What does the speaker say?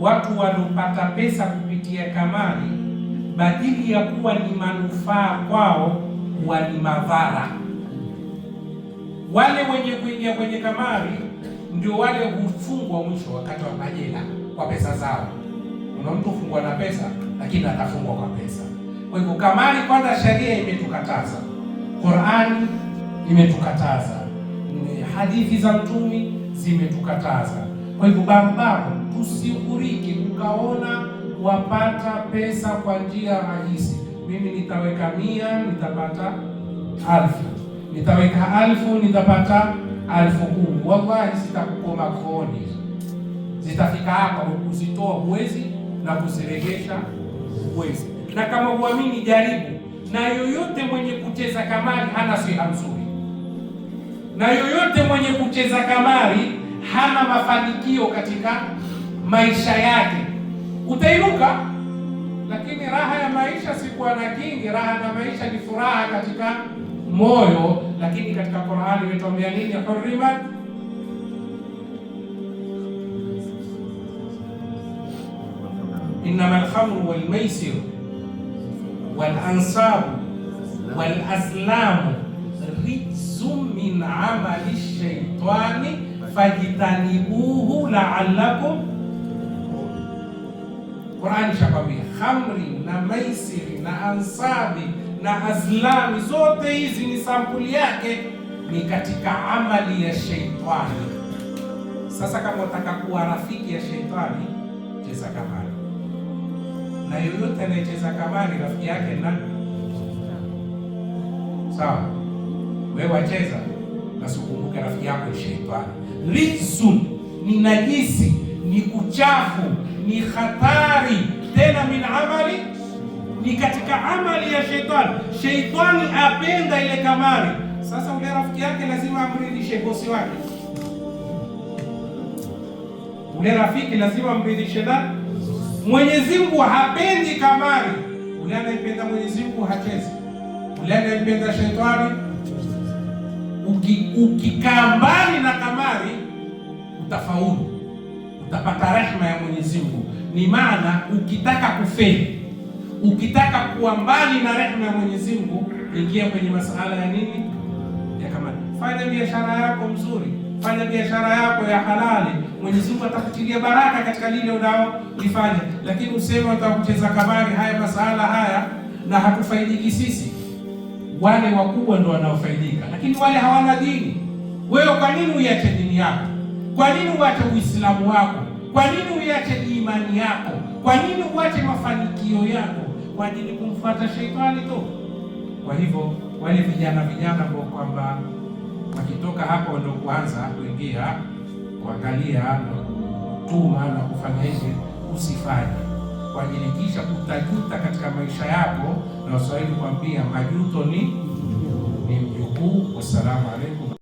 watu wanaopata pesa kupitia kamari, badili ya kuwa ni manufaa kwao huwa ni madhara. Wale wenye kuingia kwenye kamari ndio wale hufungwa mwisho wakati wa majela kwa pesa zao. Kuna mtu hufungwa na pesa, lakini atafungwa kwa pesa. Kwa hivyo kamari, kwanza sheria imetukataza, Qur'ani imetukataza, hadithi za mtumi zimetukataza. Kwa hivyo barabara usiguriki ukaona wapata pesa kwa njia rahisi. Mimi nitaweka mia nitapata alfu, nitaweka alfu nitapata alfu kumi. Wallahi sitakukoma kooni, zitafika hapa kuzitoa huwezi na kuziregesha huwezi. Na kama huamini jaribu, na yoyote mwenye kucheza kamari hana siha nzuri, na yoyote mwenye kucheza kamari hana mafanikio katika maisha yake. Utainuka, lakini raha ya maisha si kuwa na kingi. Raha na maisha ni furaha katika moyo, lakini katika Qur'ani imetuambia nini? hurrimat innama alkhamru walmaisir walansabu walaslam rijzum min amali shaitani fajtanibuhu la'allakum Qur'an shakwambia khamri na maisiri na ansabi na azlami, zote hizi ni sampuli yake, ni katika amali ya sheitani. Sasa kama unataka kuwa rafiki ya sheitani, cheza kamari, na yoyote anayecheza kamari rafiki yake na sawa. Wewe wacheza, basi ukumbuke rafiki yako sheitani. Rizun ni najisi ni kuchafu, ni hatari tena, min amali ni katika amali ya sheitani. Sheitani apenda ile kamari. Sasa ule rafiki yake lazima amridhishe bosi wake, ule rafiki lazima amridhishe na Mwenyezi Mungu hapendi kamari. Ule anayependa Mwenyezi Mungu hachezi, ule anayependa sheitani. Ukikaa uki mbali na kamari utafaulu utapata rehema ya Mwenyezi Mungu. Ni maana ukitaka kufeli, ukitaka kuwa mbali na rehema ya Mwenyezi Mungu, ingia kwenye masuala ya nini, ya kama fanya biashara yako mzuri, fanya biashara yako ya halali. Mwenyezi Mungu atakutilia baraka katika lile unaolifanya, lakini useme utakucheza kamari, haya masuala haya na hatufaidiki sisi. Wale wakubwa ndio wanaofaidika, lakini wale hawana dini. Wewe kwa nini uiache dini yako? Kwa nini uache Uislamu wako? Kwa nini uache imani yako? Kwa nini uache mafanikio yako kwa ajili kumfuata sheitani tu? Kwa hivyo wale vijana vijana ambao kwamba wakitoka hapo ndio kuanza kuingia kuangalia na kutuma na kufanya hivi, usifanye kwa ajili kisha kutajuta katika maisha yako, na Waswahili kuambia majuto ni ni mjukuu. Wassalamu alaikum.